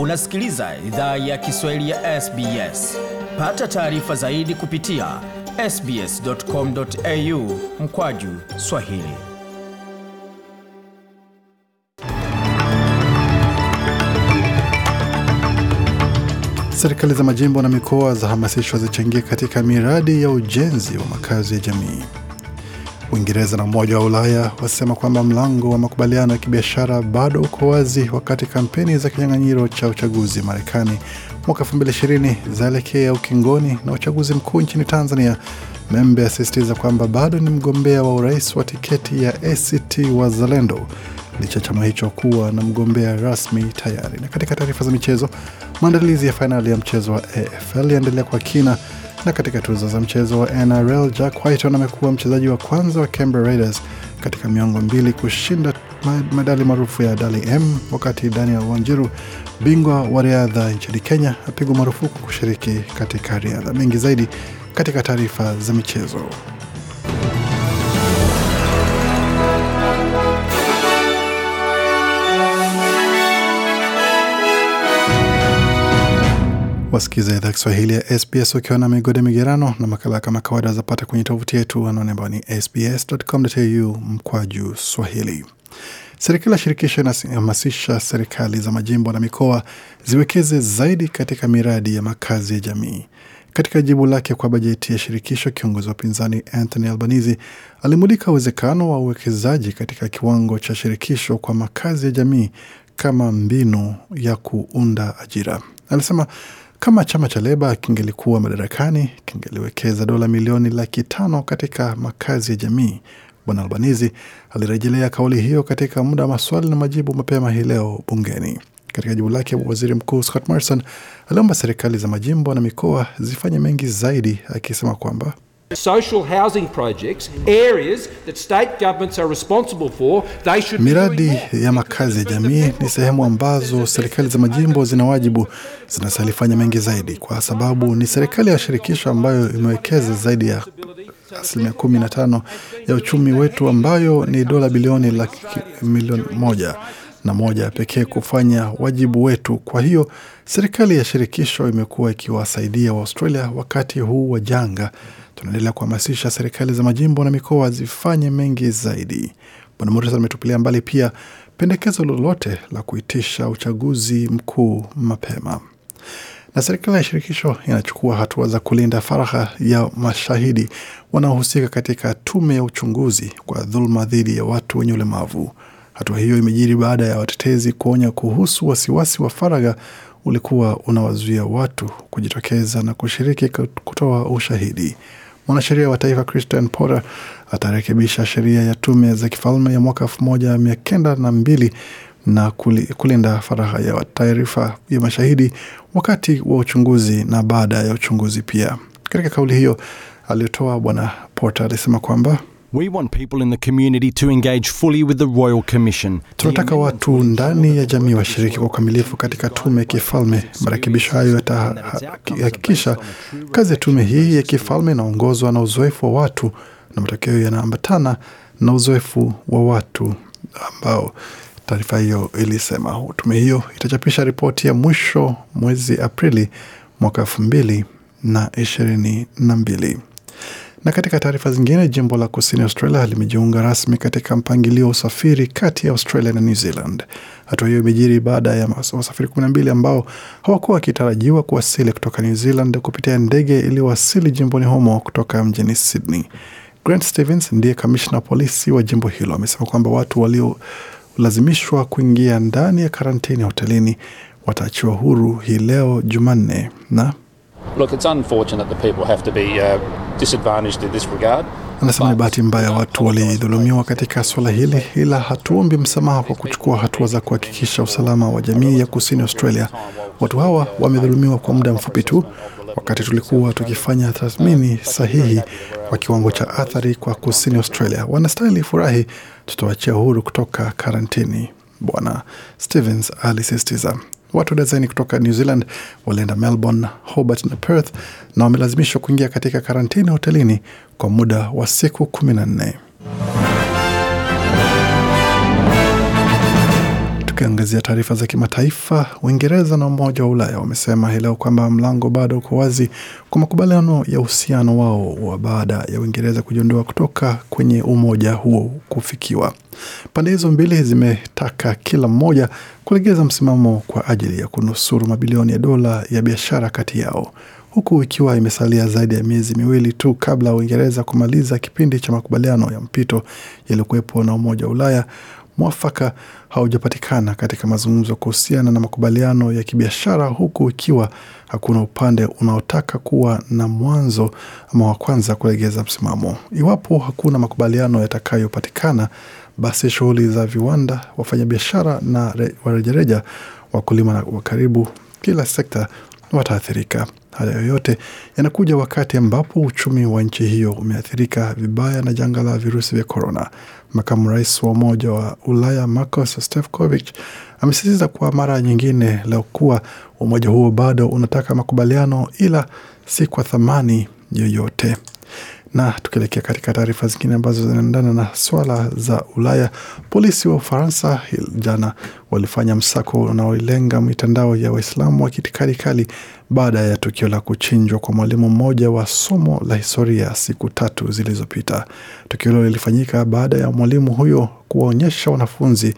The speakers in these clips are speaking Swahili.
Unasikiliza idhaa ya Kiswahili ya SBS. Pata taarifa zaidi kupitia sbs.com.au mkwaju Swahili. Serikali za majimbo na mikoa zahamasishwa zichangie katika miradi ya ujenzi wa makazi ya jamii. Uingereza na Umoja wa Ulaya wasema kwamba mlango wa makubaliano ya kibiashara bado uko wazi, wakati kampeni za kinyang'anyiro cha uchaguzi Marekani mwaka 2020 zaelekea ukingoni na uchaguzi mkuu nchini Tanzania. Membe asisitiza kwamba bado ni mgombea wa urais wa tiketi ya ACT Wazalendo licha chama hicho kuwa na mgombea rasmi tayari. Na katika taarifa za michezo, maandalizi ya fainali ya mchezo wa AFL yaendelea kwa kina na katika tuzo za mchezo wa NRL, Jack Whiton amekuwa mchezaji wa kwanza wa Canberra Raiders katika miongo mbili kushinda medali maarufu ya Dali M, wakati Daniel Wanjiru, bingwa wa riadha nchini Kenya, apigwa marufuku kushiriki katika riadha. Mengi zaidi katika taarifa za michezo. Wasikiza idhaa Kiswahili ya SBS wakiwa na migode migerano na makala kama kawaida zapata kwenye tovuti yetu anaone ambao ni sbs.com.au mkwaju swahili. Serikali ya shirikisho inahamasisha serikali za majimbo na mikoa ziwekeze zaidi katika miradi ya makazi ya jamii. Katika jibu lake kwa bajeti ya shirikisho, kiongozi wa upinzani Anthony Albanese alimulika uwezekano wa uwekezaji katika kiwango cha shirikisho kwa makazi ya jamii kama mbinu ya kuunda ajira. Alisema kama chama cha Leba kingelikuwa madarakani, kingeliwekeza dola milioni laki tano katika makazi ya jamii. Bwana Albanizi alirejelea kauli hiyo katika muda wa maswali na majibu mapema hii leo bungeni. Katika jibu lake, waziri mkuu Scott Morrison aliomba serikali za majimbo na mikoa zifanye mengi zaidi, akisema kwamba Miradi ya makazi ya jamii ni sehemu ambazo serikali za majimbo zina wajibu zinasalifanya mengi zaidi, kwa sababu ni serikali ya shirikisho ambayo imewekeza zaidi ya asilimia kumi na tano ya uchumi wetu ambayo ni dola bilioni laki milioni moja na moja pekee kufanya wajibu wetu. Kwa hiyo serikali ya shirikisho imekuwa ikiwasaidia Waaustralia wakati huu wa janga tunaendelea kuhamasisha serikali za majimbo na mikoa zifanye mengi zaidi. Bwana Morrison ametupilia mbali pia pendekezo lolote la kuitisha uchaguzi mkuu mapema. Na serikali ya shirikisho inachukua hatua za kulinda faragha ya mashahidi wanaohusika katika tume ya uchunguzi kwa dhuluma dhidi ya watu wenye ulemavu. Hatua hiyo imejiri baada ya watetezi kuonya kuhusu wasiwasi wa faragha ulikuwa unawazuia watu kujitokeza na kushiriki kutoa ushahidi. Mwanasheria wa taifa Christian Porter atarekebisha sheria ya tume za kifalme ya mwaka elfu moja mia kenda na mbili na kulinda faraha ya taarifa ya mashahidi wakati wa uchunguzi na baada ya uchunguzi pia. Katika kauli hiyo aliyotoa Bwana Porter alisema kwamba We want people in the community to engage fully with the Royal Commission. Tunataka watu ndani ya jamii washiriki kwa ukamilifu katika tume ya kifalme. Marekebisho hayo yatahakikisha kazi ya tume hii ya kifalme inaongozwa na uzoefu wa watu na matokeo yanaambatana na uzoefu wa watu ambao taarifa hiyo ilisema. Tume hiyo itachapisha ripoti ya mwisho mwezi Aprili mwaka elfu mbili na ishirini na mbili. Na katika taarifa zingine, jimbo la kusini Australia limejiunga rasmi katika mpangilio wa usafiri kati ya Australia na New Zealand. Hatua hiyo imejiri baada ya wasafiri 12 ambao hawakuwa wakitarajiwa kuwasili kutoka New Zealand kupitia ndege iliyowasili jimboni humo kutoka mjini Sydney. Grant Stevens ndiye kamishna wa polisi wa jimbo hilo, amesema kwamba watu waliolazimishwa kuingia ndani ya karantini hotelini wataachiwa huru hii leo Jumanne na Look, it's Anasema ni bahati mbaya watu walidhulumiwa katika suala hili, ila hatuombi msamaha kwa kuchukua hatua za kuhakikisha usalama wa jamii ya kusini Australia. Watu hawa wamedhulumiwa kwa muda mfupi tu, wakati tulikuwa tukifanya tathmini sahihi kwa kiwango cha athari kwa kusini Australia. Wanastahili furahi, tutawachia uhuru kutoka karantini, Bwana Stevens alisisitiza. Watu dazeni kutoka New Zealand walienda Melbourne, Hobart na Perth na wamelazimishwa kuingia katika karantini hotelini kwa muda wa siku kumi na nne. Tukiangazia taarifa za kimataifa, Uingereza na Umoja wa Ulaya wamesema hii leo kwamba mlango bado uko wazi kwa makubaliano ya uhusiano wao wa baada ya Uingereza kujiondoa kutoka kwenye umoja huo kufikiwa. Pande hizo mbili zimetaka kila mmoja kulegeza msimamo kwa ajili ya kunusuru mabilioni ya dola ya biashara kati yao huku ikiwa imesalia zaidi ya miezi miwili tu kabla Uingereza kumaliza kipindi cha makubaliano ya mpito yaliyokuwepo na Umoja wa Ulaya mwafaka haujapatikana katika mazungumzo kuhusiana na makubaliano ya kibiashara, huku ikiwa hakuna upande unaotaka kuwa na mwanzo ama wa kwanza kulegeza msimamo. Iwapo hakuna makubaliano yatakayopatikana, basi shughuli za viwanda, wafanyabiashara na warejareja, wakulima na wa karibu kila sekta wataathirika. Haya yoyote yanakuja wakati ambapo uchumi wa nchi hiyo umeathirika vibaya na janga la virusi vya korona. Makamu rais wa Umoja wa Ulaya Marcos Stefkovic amesisitiza kwa mara nyingine leo kuwa umoja huo bado unataka makubaliano, ila si kwa thamani yoyote. Na tukielekea katika taarifa zingine ambazo zinaendana na swala za Ulaya, polisi wa Ufaransa jana walifanya msako unaolenga mitandao ya Waislamu wa kitikadi kali baada ya tukio la kuchinjwa kwa mwalimu mmoja wa somo la historia siku tatu zilizopita. Tukio hilo lilifanyika baada ya mwalimu huyo kuwaonyesha wanafunzi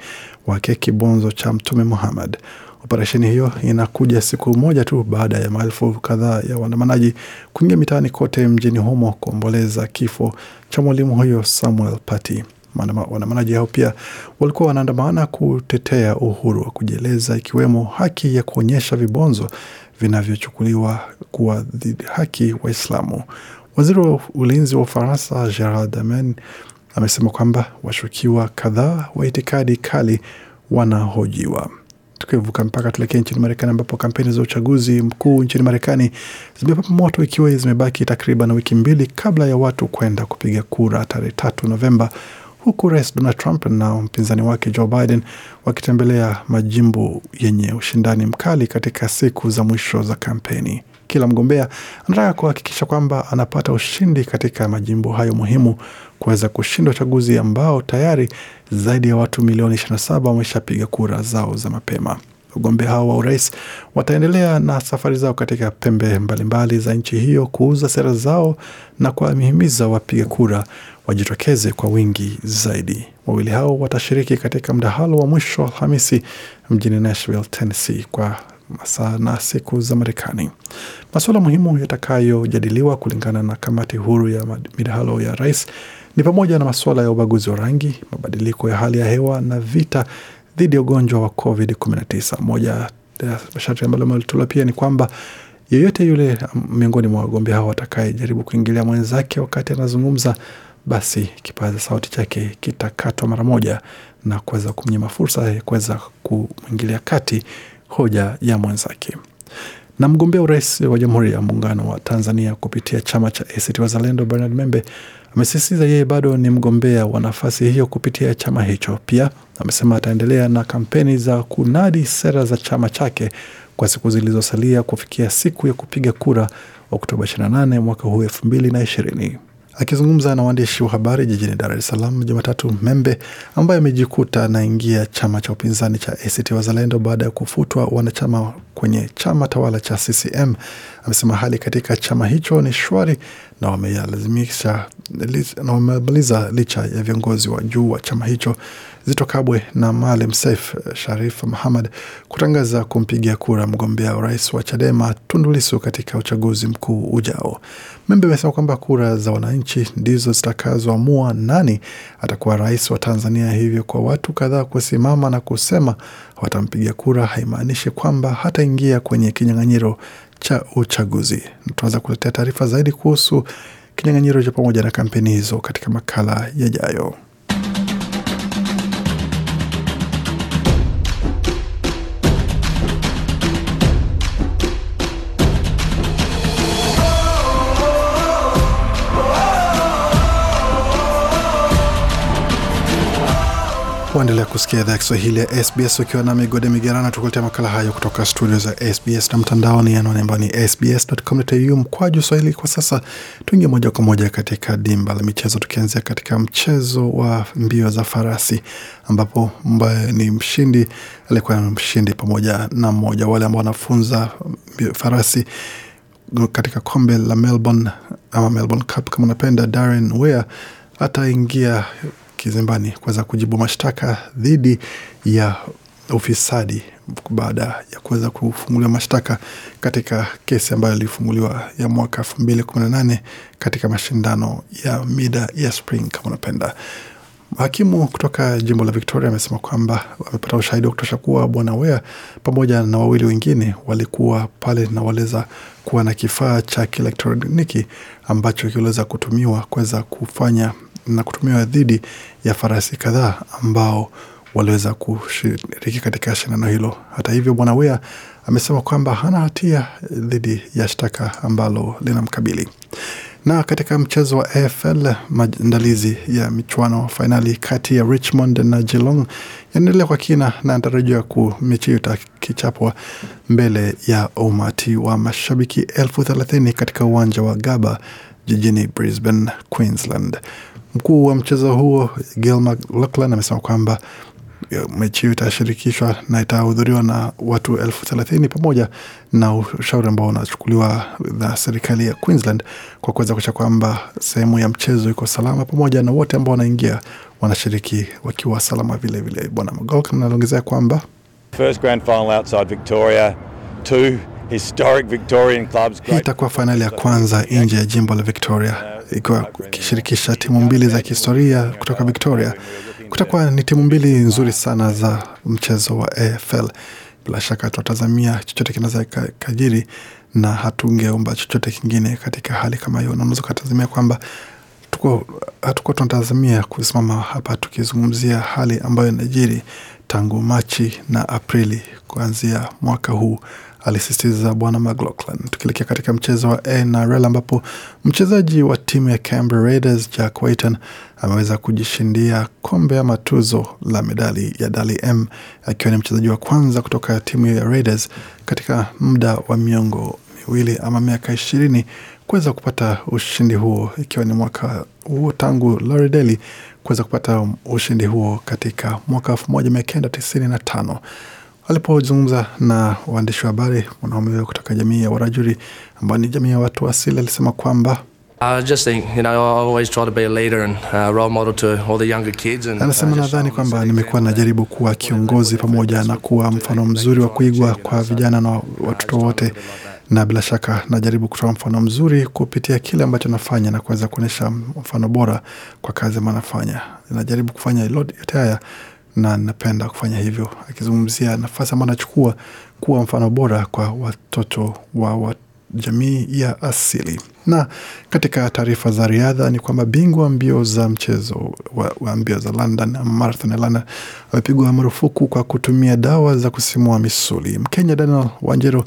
wake kibonzo cha Mtume Muhammad. Operesheni hiyo inakuja siku moja tu baada ya maelfu kadhaa ya waandamanaji kuingia mitaani kote mjini humo kuomboleza kifo cha mwalimu huyo Samuel Paty. Waandamanaji hao pia walikuwa wanaandamana kutetea uhuru wa kujieleza, ikiwemo haki ya kuonyesha vibonzo vinavyochukuliwa kuwa dhidi haki Waislamu. Waziri wa ulinzi wa Ufaransa Gerald Damen amesema kwamba washukiwa kadhaa wa itikadi kali wanahojiwa. Tukivuka mpaka tulekee nchini Marekani ambapo kampeni za uchaguzi mkuu nchini Marekani zimepapa moto ikiwa zimebaki takriban wiki mbili kabla ya watu kwenda kupiga kura tarehe tatu Novemba, huku Rais Donald Trump na mpinzani wake Joe Biden wakitembelea majimbo yenye ushindani mkali katika siku za mwisho za kampeni kila mgombea anataka kuhakikisha kwamba anapata ushindi katika majimbo hayo muhimu kuweza kushinda uchaguzi ambao tayari zaidi ya watu milioni 27 wameshapiga kura zao za mapema. Wagombea hao wa urais wataendelea na safari zao katika pembe mbalimbali mbali za nchi hiyo kuuza sera zao na kuwahimiza wapiga kura wajitokeze kwa wingi zaidi. Wawili hao watashiriki katika mdahalo wa mwisho Alhamisi mjini Nashville, Tennessee, kwa masaa na siku za Marekani. Masuala muhimu yatakayojadiliwa kulingana na kamati huru ya midahalo ya rais ni pamoja na masuala ya ubaguzi wa rangi, mabadiliko ya hali ya hewa na vita dhidi ya ugonjwa wa COVID-19. Moja ya masharti ambalo ametolewa pia ni kwamba yeyote yule um, miongoni mwa wagombea hao watakayejaribu kuingilia mwenzake wakati anazungumza, basi kipaza sauti chake kitakatwa mara moja na kuweza kumnyima fursa ya kuweza kuingilia kati hoja ya mwenzake. Na mgombea urais wa Jamhuri ya Muungano wa Tanzania kupitia chama cha ACT Wazalendo, Bernard Membe amesisitiza yeye bado ni mgombea wa nafasi hiyo kupitia chama hicho. Pia amesema ataendelea na kampeni za kunadi sera za chama chake kwa siku zilizosalia kufikia siku ya kupiga kura Oktoba 28 mwaka huu 220 Akizungumza na waandishi wa habari jijini Dar es Salaam Jumatatu, Membe ambaye amejikuta anaingia chama cha upinzani cha ACT Wazalendo baada ya kufutwa wanachama kwenye chama tawala cha CCM, amesema hali katika chama hicho ni shwari na wamemaliza licha ya viongozi wa juu wa chama hicho Zito Kabwe na Maalim Saif eh, Sharif Mohamad kutangaza kumpigia kura mgombea urais wa Chadema tundulisu katika uchaguzi mkuu ujao. Membe amesema kwamba kura za wananchi ndizo zitakazoamua nani atakuwa rais wa Tanzania, hivyo kwa watu kadhaa kusimama na kusema watampiga kura haimaanishi kwamba hataingia kwenye kinyang'anyiro cha uchaguzi. Tunaweza kuletea taarifa zaidi kuhusu kinyang'anyiro cha pamoja na kampeni hizo katika makala yajayo. kusikia idhaa ya Kiswahili ya SBS ukiwa na migode migerano, tukuletea makala hayo kutoka studio za SBS na mtandaoni, anwani ambayo ni sbs.com.au mkwaju swahili. Kwa sasa tuingie moja kwa moja katika dimba la michezo, tukianzia katika mchezo wa mbio za farasi, ambapo ambaye ni mshindi alikuwa mshindi pamoja na mmoja wale ambao wanafunza farasi katika kombe la Melbourne ama Melbourne Cup kama unapenda, Darren Weir ataingia kizimbani kuweza kujibu mashtaka dhidi ya ufisadi baada ya kuweza kufunguliwa mashtaka katika kesi ambayo ilifunguliwa ya mwaka elfu mbili kumi na nane katika mashindano ya mida ya spring kama unapenda. Hakimu kutoka jimbo la Victoria amesema kwamba wamepata ushahidi wa kutosha kuwa bwana Wea pamoja na wawili wengine walikuwa pale na waliweza kuwa na kifaa cha kielektroniki ambacho kiliweza kutumiwa kuweza kufanya na kutumiwa dhidi ya farasi kadhaa ambao waliweza kushiriki katika shindano hilo. Hata hivyo, Bwana Wea amesema kwamba hana hatia dhidi ya shtaka ambalo linamkabili. Na katika mchezo wa AFL, maandalizi ya michuano fainali kati ya Richmond na Geelong yanaendelea kwa kina na anatarajiwa ku mechi hiyo itakichapwa mbele ya umati wa mashabiki elfu thelathini katika uwanja wa Gabba jijini Brisbane, Queensland. Mkuu wa mchezo huo Gil McLachlan amesema kwamba mechi hiyo itashirikishwa na itahudhuriwa na watu elfu thelathini pamoja na ushauri ambao unachukuliwa na serikali ya Queensland kwa kuweza kuisha kwamba sehemu ya mchezo iko salama pamoja na wote ambao wanaingia wanashiriki wakiwa salama vilevile. Bwana Mclachlan anaongezea kwamba First grand final outside Victoria, two historic Victorian clubs. Hii itakuwa fainali ya kwanza nje ya jimbo la Victoria ikiwa ikishirikisha timu mbili za kihistoria kutoka Victoria. Kutakuwa ni timu mbili nzuri sana za mchezo wa AFL. Bila shaka tunatazamia chochote kinaweza kajiri na hatungeomba chochote kingine katika hali kama hiyo. Na unaweza ukatazamia kwamba tuko hatuko tunatazamia kusimama hapa tukizungumzia hali ambayo inajiri tangu Machi na Aprili kuanzia mwaka huu alisisitiza Bwana McLaughlin. Tukielekea katika mchezo wa NRL ambapo mchezaji wa timu ya Canberra Raiders Jack Waiton ameweza kujishindia kombe ama tuzo la medali ya Dali M akiwa ni mchezaji wa kwanza kutoka timu ya Raiders katika muda wa miongo miwili ama miaka ishirini kuweza kupata ushindi huo ikiwa ni mwaka huo tangu Larry Daly kuweza kupata ushindi huo katika mwaka tano. Alipozungumza na waandishi wa habari huyo kutoka jamii ya Warajuri ambayo ni jamii ya watu asili, alisema kwamba uh, uh, anasema, uh, nadhani kwamba nimekuwa najaribu kuwa kiongozi pamoja na kuwa mfano mzuri wa kuigwa kwa vijana na watoto wote, na bila shaka najaribu kutoa mfano mzuri kupitia kile ambacho nafanya na kuweza kuonyesha mfano bora kwa kazi ambayo nafanya. Najaribu kufanya yote haya na napenda kufanya hivyo, akizungumzia nafasi ambayo anachukua kuwa mfano bora kwa watoto wa, wa jamii ya asili. Na katika taarifa za riadha ni kwamba bingwa mbio za mchezo wa, wa mbio za London Marathon ya London amepigwa marufuku kwa kutumia dawa za kusimua misuli. Mkenya Daniel Wanjero,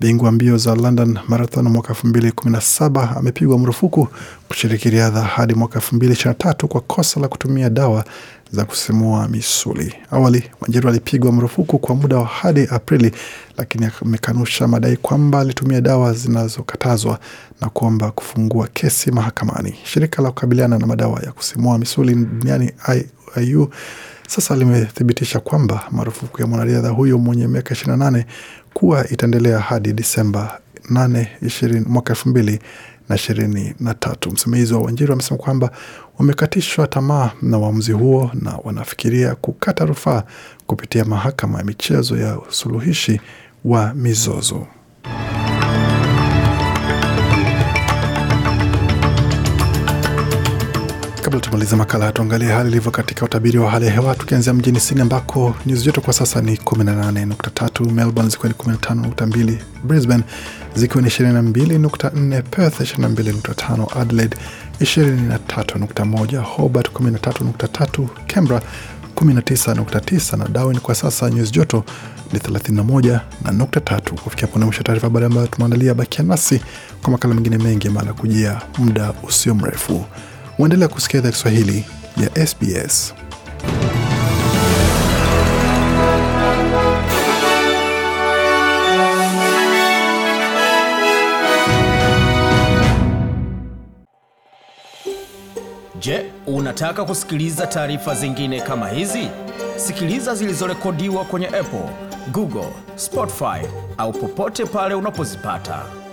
bingwa mbio za London Marathon mwaka elfu mbili kumi na saba amepigwa marufuku kushiriki riadha hadi mwaka elfu mbili ishirini na tatu kwa kosa la kutumia dawa za kusimua misuli. Awali Wanjeru alipigwa marufuku kwa muda wa hadi Aprili, lakini amekanusha madai kwamba alitumia dawa zinazokatazwa na kuomba kufungua kesi mahakamani. Shirika la kukabiliana na madawa ya kusimua misuli duniani IU sasa limethibitisha kwamba marufuku ya mwanariadha huyo mwenye miaka 28 kuwa itaendelea hadi Disemba 8 mwaka elfu mbili na ishirini na tatu. Msimamizi wa uanjiri wamesema kwamba wamekatishwa tamaa na uamuzi huo na wanafikiria kukata rufaa kupitia mahakama ya michezo ya usuluhishi wa mizozo. Kabla tumaliza makala, tuangalie hali ilivyo katika utabiri wa hali ya hewa, tukianzia mjini Sydney ambako nyuzi joto kwa sasa ni 18.3, Melbourne zikiwa ni 15.2, Brisbane zikiwa ni 22.4, Perth 22.5, Adelaide 23.1, Hobart 13.3, Canberra 19.9 na Darwin kwa sasa nyuzi joto ni 31 na Kufikia pone mwisho taarifa habari ambayo tumeandalia, bakia nasi kwa makala mengine mengi mara kujia muda usio mrefu. Waendelea kusikia idhaa Kiswahili ya SBS. Je, unataka kusikiliza taarifa zingine kama hizi? Sikiliza zilizorekodiwa kwenye Apple, Google, Spotify au popote pale unapozipata.